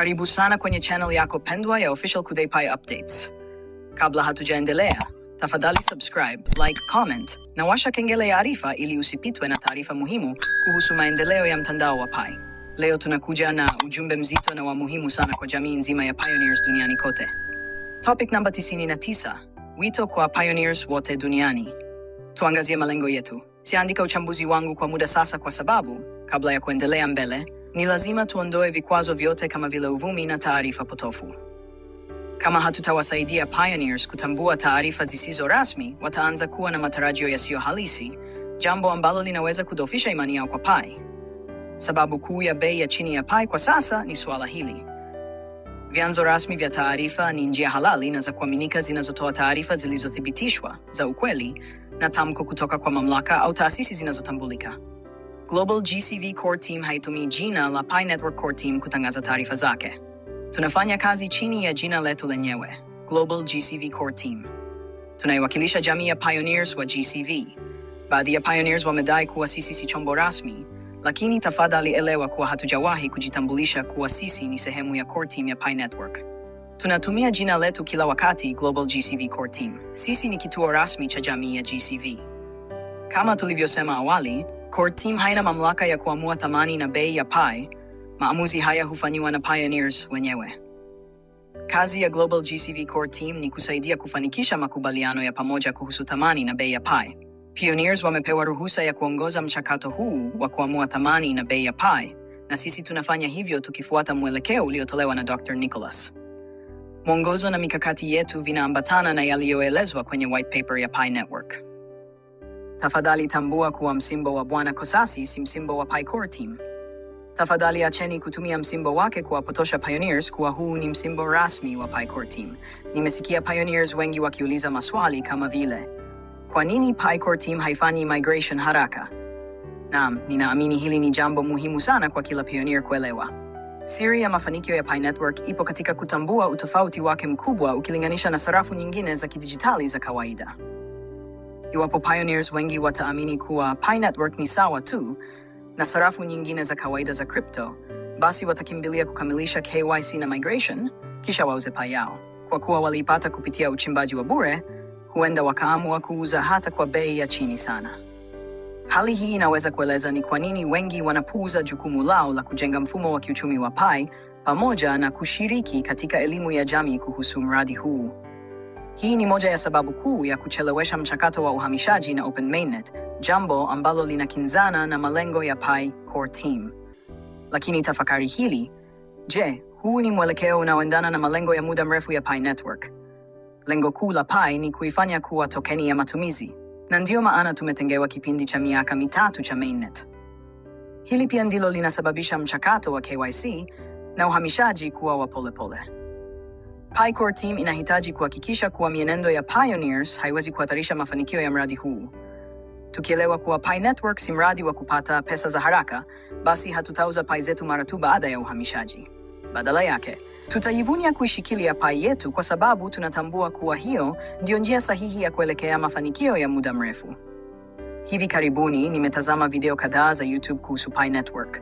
Karibu sana kwenye channel yako pendwa ya Official Kudepai Updates. Kabla hatujaendelea, tafadhali subscribe, like, comment na washa kengele ya arifa ili usipitwe na taarifa muhimu kuhusu maendeleo ya mtandao wa Pai. Leo tunakuja na ujumbe mzito na wa muhimu sana kwa jamii nzima ya pioneers duniani kote. Topic namba 99, wito kwa pioneers wote duniani. Tuangazie malengo yetu. Siandika uchambuzi wangu kwa muda sasa, kwa sababu kabla ya kuendelea mbele ni lazima tuondoe vikwazo vyote kama vile uvumi na taarifa potofu. Kama hatutawasaidia pioneers kutambua taarifa zisizo rasmi, wataanza kuwa na matarajio yasiyo halisi, jambo ambalo linaweza kudhoofisha imani yao kwa Pai. Sababu kuu ya bei ya chini ya Pai kwa sasa ni suala hili. Vyanzo rasmi vya taarifa ni njia halali na za kuaminika zinazotoa taarifa zilizothibitishwa za ukweli na tamko kutoka kwa mamlaka au taasisi zinazotambulika. Global GCV Core Team haitumii jina la Pi Network Core Team kutangaza taarifa zake. Tunafanya kazi chini ya jina letu lenyewe, Global GCV Core Team. Tunaiwakilisha jamii ya pioneers wa GCV. Baadhi ya pioneers wamedai kuwa sisi si chombo rasmi, lakini tafadhali elewa kuwa hatujawahi kujitambulisha kuwa sisi ni sehemu ya Core Team ya Pi Network. Tunatumia jina letu kila wakati, Global GCV Core Team. Sisi ni kituo rasmi cha jamii ya GCV. Kama tulivyosema awali, Team haina mamlaka ya kuamua thamani na bei ya Pi. Maamuzi haya hufanyiwa na pioneers wenyewe. Kazi ya Global GCV Core Team ni kusaidia kufanikisha makubaliano ya pamoja kuhusu thamani na bei ya Pi. Pioneers wamepewa ruhusa ya kuongoza mchakato huu wa kuamua thamani na bei ya Pi, na sisi tunafanya hivyo tukifuata mwelekeo uliotolewa na Dr. Nicholas. Mwongozo na mikakati yetu vinaambatana na yaliyoelezwa kwenye white paper ya Pi Network. Tafadhali tambua kuwa msimbo wa Bwana Kosasi si msimbo wa Paycore Team. Tafadhali acheni kutumia msimbo wake kuwapotosha pioneers kuwa huu ni msimbo rasmi wa Paycore Team. Nimesikia pioneers wengi wakiuliza maswali kama vile, kwa nini Paycore Team haifanyi migration haraka? Naam, ninaamini hili ni jambo muhimu sana kwa kila pioneer kuelewa. Siri ya mafanikio ya Pi Network ipo katika kutambua utofauti wake mkubwa ukilinganisha na sarafu nyingine za kidijitali za kawaida. Iwapo pioneers wengi wataamini kuwa Pi Network ni sawa tu na sarafu nyingine za kawaida za crypto, basi watakimbilia kukamilisha KYC na migration, kisha wauze Pi yao. Kwa kuwa waliipata kupitia uchimbaji wa bure, huenda wakaamua kuuza hata kwa bei ya chini sana. Hali hii inaweza kueleza ni kwa nini wengi wanapuuza jukumu lao la kujenga mfumo wa kiuchumi wa Pi pamoja na kushiriki katika elimu ya jamii kuhusu mradi huu. Hii ni moja ya sababu kuu ya kuchelewesha mchakato wa uhamishaji na Open Mainnet, jambo ambalo linakinzana na malengo ya Pi Core Team. Lakini tafakari hili, je, huu ni mwelekeo unaoendana na malengo ya muda mrefu ya Pi Network? Lengo kuu la Pi ni kuifanya kuwa tokeni ya matumizi, na ndiyo maana tumetengewa kipindi cha miaka mitatu cha Mainnet. Hili pia ndilo linasababisha mchakato wa KYC na uhamishaji kuwa wa polepole pole. Picore Team inahitaji kuhakikisha kuwa mienendo ya pioneers haiwezi kuhatarisha mafanikio ya mradi huu. Tukielewa kuwa Pi Network si mradi wa kupata pesa za haraka, basi hatutauza Pi zetu mara tu baada ya uhamishaji. Badala yake, tutajivunia kuishikilia Pi yetu kwa sababu tunatambua kuwa hiyo ndio njia sahihi ya kuelekea mafanikio ya muda mrefu. Hivi karibuni nimetazama video kadhaa za YouTube kuhusu Pi Network.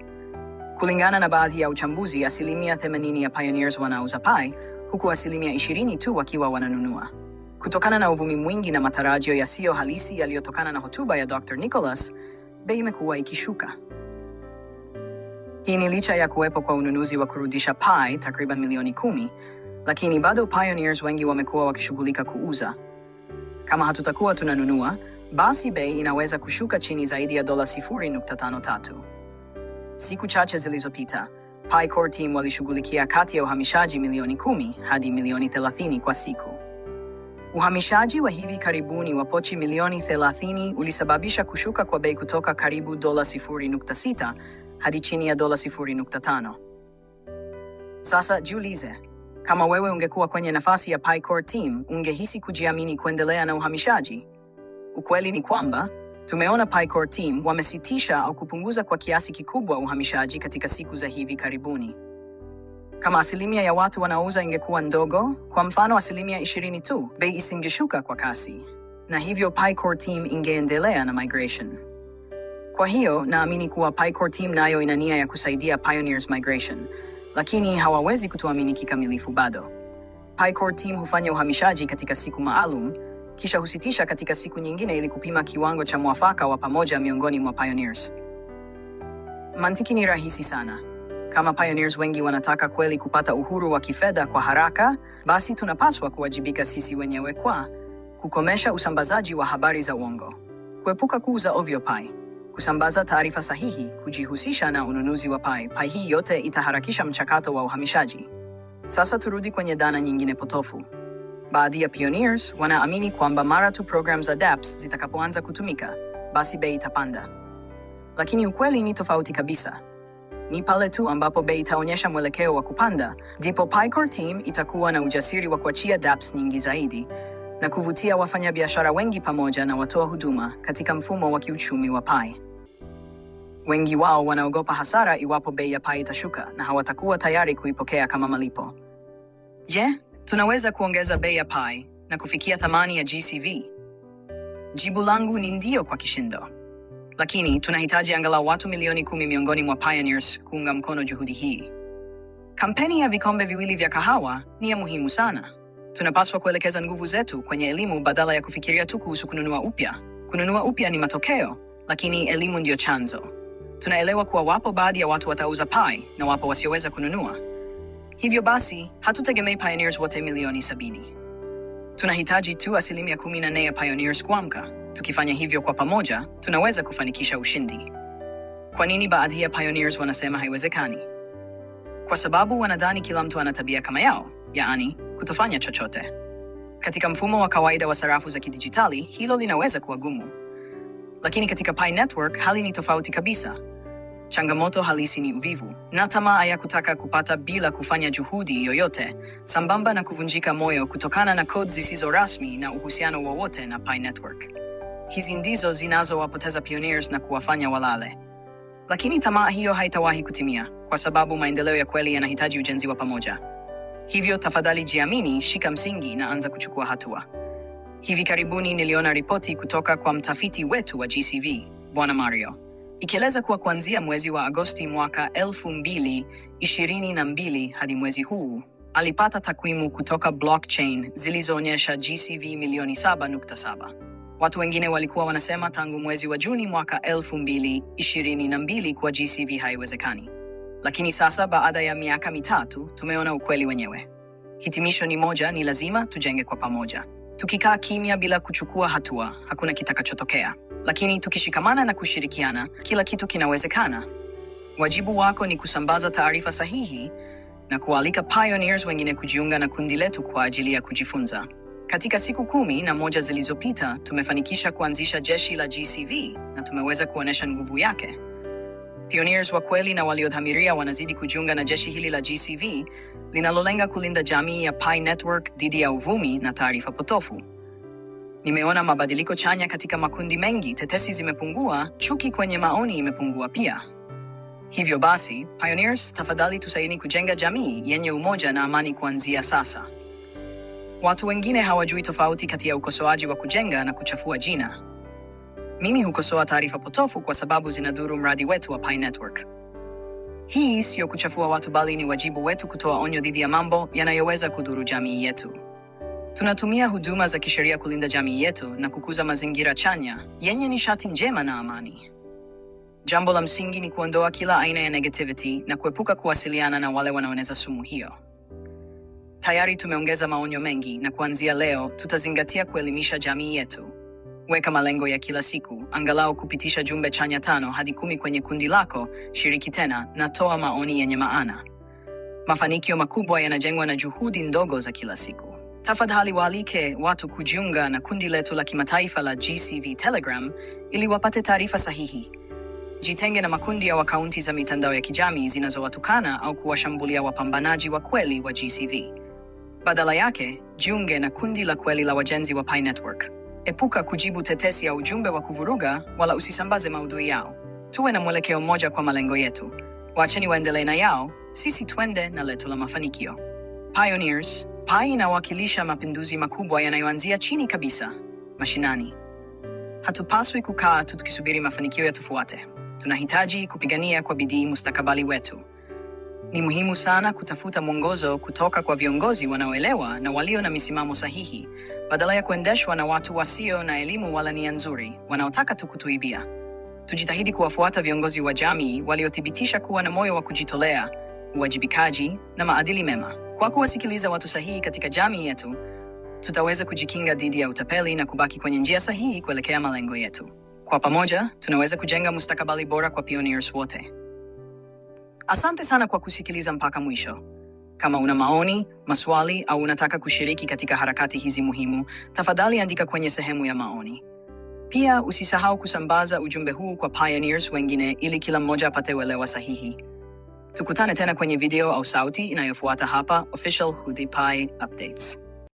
Kulingana na baadhi ya uchambuzi, asilimia 80 ya pioneers wanauza Pi huku asilimia ishirini tu wakiwa wananunua. Kutokana na uvumi mwingi na matarajio yasiyo halisi yaliyotokana na hotuba ya Dr. Nicholas, bei imekuwa ikishuka. Hii ni licha ya kuwepo kwa ununuzi wa kurudisha Pi takriban milioni kumi, lakini bado pioneers wengi wamekuwa wakishughulika kuuza. Kama hatutakuwa tunanunua, basi bei inaweza kushuka chini zaidi ya dola 0.53. Siku chache zilizopita Pi-Core Team walishughulikia kati ya uhamishaji milioni kumi hadi milioni thelathini kwa siku. Uhamishaji wa hivi karibuni wa pochi milioni thelathini ulisababisha kushuka kwa bei kutoka karibu dola sita hadi chini ya dola tano. Sasa jiulize, kama wewe ungekuwa kwenye nafasi ya Pi-Core Team, ungehisi kujiamini kuendelea na uhamishaji? Ukweli ni kwamba Tumeona Paycor Team wamesitisha au kupunguza kwa kiasi kikubwa uhamishaji katika siku za hivi karibuni. Kama asilimia ya watu wanaouza ingekuwa ndogo, kwa mfano asilimia 20 tu, bei isingeshuka kwa kasi, na hivyo Paycor Team ingeendelea na migration. Kwa hiyo naamini kuwa Paycor Team nayo ina nia ya kusaidia Pioneers migration, lakini hawawezi kutuamini kikamilifu bado. Paycor Team hufanya uhamishaji katika siku maalum kisha husitisha katika siku nyingine ili kupima kiwango cha mwafaka wa pamoja miongoni mwa pioneers. Mantiki ni rahisi sana. Kama pioneers wengi wanataka kweli kupata uhuru wa kifedha kwa haraka, basi tunapaswa kuwajibika sisi wenyewe kwa kukomesha usambazaji wa habari za uongo, kuepuka kuuza ovyo pai, kusambaza taarifa sahihi, kujihusisha na ununuzi wa pai pai. Hii yote itaharakisha mchakato wa uhamishaji. Sasa turudi kwenye dhana nyingine potofu. Baadhi ya pioneers wanaamini kwamba mara tu program za dApps zitakapoanza kutumika, basi bei itapanda. Lakini ukweli ni tofauti kabisa. Ni pale tu ambapo bei itaonyesha mwelekeo wa kupanda, ndipo Paycor team itakuwa na ujasiri wa kuachia dApps nyingi zaidi na kuvutia wafanyabiashara wengi pamoja na watoa huduma katika mfumo wa kiuchumi wa Pi. Wengi wao wanaogopa hasara iwapo bei ya Pi itashuka na hawatakuwa tayari kuipokea kama malipo. Je, Tunaweza kuongeza bei ya Pi na kufikia thamani ya GCV? Jibu langu ni ndio kwa kishindo, lakini tunahitaji angalau watu milioni kumi miongoni mwa pioneers kuunga mkono juhudi hii. Kampeni ya vikombe viwili vya kahawa ni ya muhimu sana. Tunapaswa kuelekeza nguvu zetu kwenye elimu badala ya kufikiria tu kuhusu kununua upya. Kununua upya ni matokeo, lakini elimu ndiyo chanzo. Tunaelewa kuwa wapo baadhi ya watu watauza Pi na wapo wasioweza kununua. Hivyo basi, hatutegemei pioneers wote milioni sabini. Tunahitaji tu asilimia 14 ya pioneers kuamka. Tukifanya hivyo kwa pamoja, tunaweza kufanikisha ushindi. Kwa nini baadhi ya pioneers wanasema haiwezekani? Kwa sababu wanadhani kila mtu ana tabia kama yao, yaani kutofanya chochote. Katika mfumo wa kawaida wa sarafu za kidijitali, hilo linaweza kuwa gumu, lakini katika Pi Network hali ni tofauti kabisa. Changamoto halisi ni uvivu na tamaa ya kutaka kupata bila kufanya juhudi yoyote, sambamba na kuvunjika moyo kutokana na kodi zisizo rasmi na uhusiano wowote na Pi Network. Hizi ndizo zinazowapoteza pioneers na kuwafanya walale. Lakini tamaa hiyo haitawahi kutimia, kwa sababu maendeleo ya kweli yanahitaji ujenzi wa pamoja. Hivyo tafadhali, jiamini, shika msingi na anza kuchukua hatua. Hivi karibuni niliona ripoti kutoka kwa mtafiti wetu wa GCV Bwana Mario ikieleza kuwa kuanzia mwezi wa Agosti mwaka elfu mbili ishirini na mbili hadi mwezi huu alipata takwimu kutoka blockchain zilizoonyesha GCV milioni 7.7. Watu wengine walikuwa wanasema tangu mwezi wa Juni mwaka elfu mbili ishirini na mbili kuwa GCV haiwezekani, lakini sasa baada ya miaka mitatu tumeona ukweli wenyewe. Hitimisho ni moja, ni lazima tujenge kwa pamoja. Tukikaa kimya bila kuchukua hatua, hakuna kitakachotokea lakini tukishikamana na kushirikiana, kila kitu kinawezekana. Wajibu wako ni kusambaza taarifa sahihi na kualika pioneers wengine kujiunga na kundi letu kwa ajili ya kujifunza. Katika siku kumi na moja zilizopita tumefanikisha kuanzisha jeshi la GCV na tumeweza kuonyesha nguvu yake. Pioneers wa kweli na waliodhamiria wanazidi kujiunga na jeshi hili la GCV linalolenga kulinda jamii ya Pi Network dhidi ya uvumi na taarifa potofu. Nimeona mabadiliko chanya katika makundi mengi, tetesi zimepungua, chuki kwenye maoni imepungua pia. Hivyo basi, pioneers, tafadhali tusaini kujenga jamii yenye umoja na amani kuanzia sasa. Watu wengine hawajui tofauti kati ya ukosoaji wa kujenga na kuchafua jina. Mimi hukosoa taarifa potofu kwa sababu zinadhuru mradi wetu wa Pi Network. Hii siyo kuchafua watu, bali ni wajibu wetu kutoa onyo dhidi ya mambo yanayoweza kudhuru jamii yetu. Tunatumia huduma za kisheria kulinda jamii yetu na kukuza mazingira chanya yenye nishati njema na amani. Jambo la msingi ni kuondoa kila aina ya negativity na kuepuka kuwasiliana na wale wanaoeneza sumu hiyo. Tayari tumeongeza maonyo mengi na kuanzia leo tutazingatia kuelimisha jamii yetu. Weka malengo ya kila siku, angalau kupitisha jumbe chanya tano hadi kumi kwenye kundi lako, shiriki tena na toa maoni yenye maana. Mafanikio makubwa yanajengwa na juhudi ndogo za kila siku. Tafadhali waalike watu kujiunga na kundi letu la kimataifa la GCV Telegram ili wapate taarifa sahihi. Jitenge na makundi au akaunti za mitandao ya kijamii zinazowatukana au kuwashambulia wapambanaji wa kweli wa GCV. Badala yake, jiunge na kundi la kweli la wajenzi wa Pi Network. Epuka kujibu tetesi ya ujumbe wa kuvuruga wala usisambaze maudhui yao. Tuwe na mwelekeo mmoja kwa malengo yetu. wacheni waendelee na yao, sisi twende na letu la mafanikio. Pioneers Pai inawakilisha mapinduzi makubwa yanayoanzia chini kabisa, mashinani. Hatupaswi kukaa tu tukisubiri mafanikio yatufuate. Tunahitaji kupigania kwa bidii mustakabali wetu. Ni muhimu sana kutafuta mwongozo kutoka kwa viongozi wanaoelewa na walio na misimamo sahihi, badala ya kuendeshwa na watu wasio na elimu wala nia nzuri, wanaotaka tu kutuibia. Tujitahidi kuwafuata viongozi wa jamii waliothibitisha kuwa na moyo wa kujitolea, uwajibikaji na maadili mema. Kwa kuwasikiliza watu sahihi katika jamii yetu, tutaweza kujikinga dhidi ya utapeli na kubaki kwenye njia sahihi kuelekea malengo yetu. Kwa pamoja, tunaweza kujenga mustakabali bora kwa pioneers wote. Asante sana kwa kusikiliza mpaka mwisho. Kama una maoni, maswali au unataka kushiriki katika harakati hizi muhimu, tafadhali andika kwenye sehemu ya maoni. Pia usisahau kusambaza ujumbe huu kwa pioneers wengine ili kila mmoja apate uelewa sahihi. Tukutane tena kwenye video au sauti inayofuata hapa Official Khudhii Pi Updates.